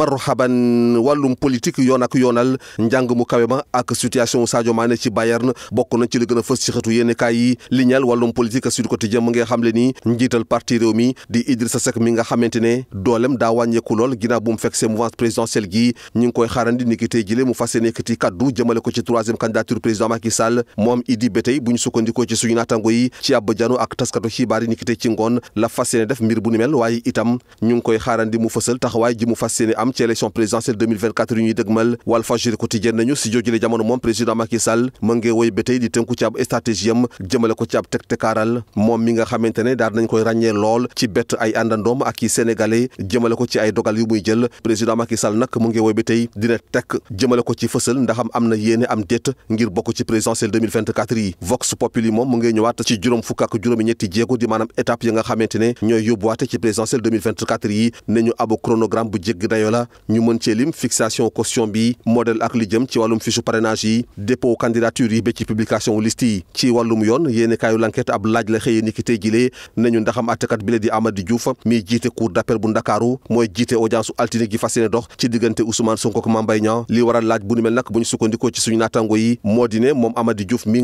marhaban wàllum politique yoon ak yoonal njàng mu kawe ma ak situation Sadio Mané ci Bayern bokk na ci li gën a fës ci xëtu yéen kaay yi li ñeel wàllum politique Sud Quotidien mu ngi ko ci troisième candidature président Macky moom Idi Betey bu ñu sukkandikoo ci suñu naatango yi ci ab jano ak taskatu xibaar yi ci ngoon la fas yéene def mbir bu ni waaye itam ñu ngi koy xaarandi mu fësal taxawaay ji mu fas yéene am am ci élection présidentielle 2024 yu ñuy dëgmal Walfadjri quotidien nañu si joojule jamono moom président Macky Sall woy ba tey di tënku ci ab stratégie am jëmale ko ci ab tegtekaaral moom mi nga xamante ne daal nañ koy ràññee lool ci bett ay àndandoom ak i sénégalais jëmale ko ci ay dogal yu muy jël président Macky Sall nag woy ba tey dina tekk jëmale ko ci fësal ndaxam am na yéene am déet ngir bokk ci présidentielle yi Vox Populi yi nga xamante candidat ñu mën cee fixation caution bi modèle ak li ci wàllum fichu parrainage yi dépôt candidature yi ba ci publication wu liste yi ci wàllum yoon yéeni kaayu l'enquête ab laaj la xëyee ni ki tey jilee nañu ndaxam àttekat bi la di Amady Diouf miy jiite cour d'appel bu Ndakaaru mooy jiite audience altine gi fas yéene dox ci diggante Ousmane Sonko ak Mame li waral laaj bu ni mel nag bu sukkandikoo ci suñu naatango yi moo di ne moom Amady Diouf mi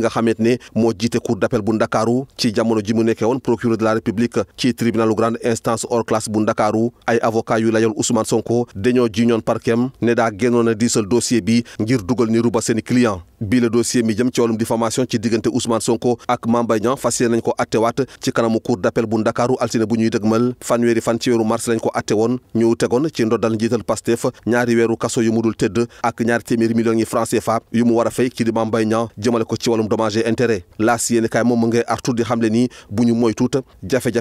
dañoo jiñoon parquet am ne daa génnoon a diisal dossier bi ngir dugal niru ba seeni client bii la mi jëm ci wàllum diffamation ci diggante Ousmane Sonko ak Mame Mbaye Niang fas yéene nañ ko ci kanamu cour d'appel bu Ndakaaru altine bu ñuy dëgmal fanweeri fan ci weeru mars lañ ko atte woon ñu tegoon ci ndoddal njiital Pastef ñaari weeru kaso yu mu dul tëdd ak ñaari téeméeri millions yi francs CFA yu mu war a fay di Mame Mbaye jëmale ko ci wàllum dommage intérêt laas yéeni kaay moom mu ngay xamle ni bu ñu moytuut jafe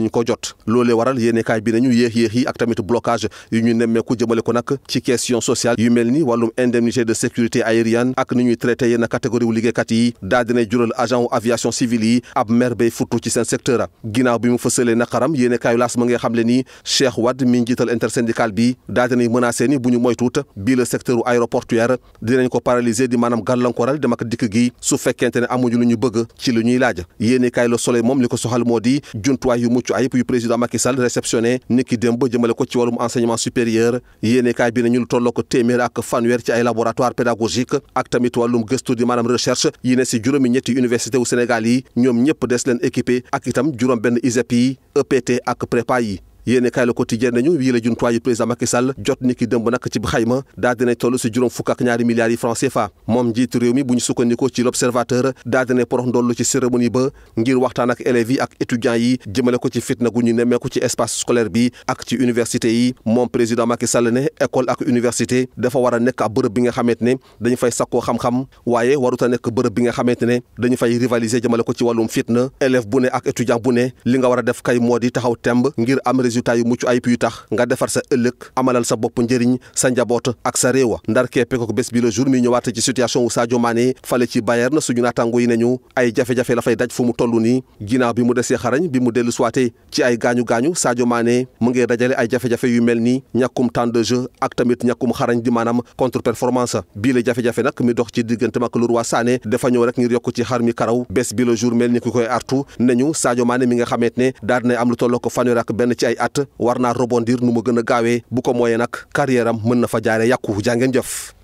mënuñu ko jot loolee waral yéenekaay bi nañu yéex-yéex yi ak tamit blocage yu ñu nemmeeku jëmale ko nag ci question sociale yu mel ni wàllum indemnité de sécurité aérienne ak ni ñuy traité yenn catégorie wu liggéeykat yi daa dinay jural agent wu aviation civile yi ab mer bay futtu ci seen secteur a ginnaaw bi mu fësalee naqaram yéenekaayu laas ma nga xam le ni Cheikh Wade mi njiital intersyndical bi daa dinay menacé ni bu ñu moytuut bii le secteur u aéroportuaire dinañ ko paralyser di maanaam gàllankoral dem ak dikk gi su fekkente ne amuñu lu ñu bëgg ci lu ñuy laaj yéenekaay Le Soleil moom li ko soxal moo di juntuwaay mucc ayib yu président Macky Sall réceptionné ni ki démb jëmale ko ci wàllum enseignement supérieur yéene kaay bi nañu lu tolloo ko téeméer ak fanweer ci ay laboratoire pédagogique ak tamit wàllum gëstu di maanaam recherche yi ne si juróomi ñetti université wu Sénégal yi ñoom ñëpp des leen équipé ak itam juróom benn ISEP yi EPT ak prépa yi yéene kaay la quotidien nañu yii la jumtuwaay yu président Macky Sall jot ni ki dëmb nag ci xayma daal dina toll si juróom fukk ak ñaari milliards yi franc CFA moom njiitu réew mi bu ñu sukkandikoo ci l'observateur daal dina porox ndollu ci cérémonie ba ngir waxtaan ak élèves yi ak étudiants yi jëmale ko ci fitna gu ñu nemmeeku ci espace scolaire bi ak ci université yi moom président Macky ne école ak université dafa war nekk ab bërëb bi nga xamante ne dañu fay sakkoo xam-xam waaye ko ci wàllum fitna élève bu ne ak li nga war a def kay moo di taxaw résultat yu mucc ayib yu tax nga defar sa ëllëg amalal sa bopp njëriñ sa njaboot ak sa réewa ndar keppe ko bés bi le jour mi ñëwaat ci situation wu Sadio Mané fale ci Bayern na suñu naataango yi nañu ay jafe-jafe la daj fu mu toll nii ginnaaw bi mu desee xarañ bi mu dellu suwaate ci ay gaañu-gaañu Sadio Mané mu ngi dajale ay jafe-jafe yu mel nii ñàkkum temps de jeu ak tamit ñàkkum xarañ di maanaam contre performance bii la jafe-jafe nag mi dox ci diggante at war naa rebondir nu ma gën a gaawee bu ko mooyee nag carrière mën na fa jaare yàqu jàngeen jëf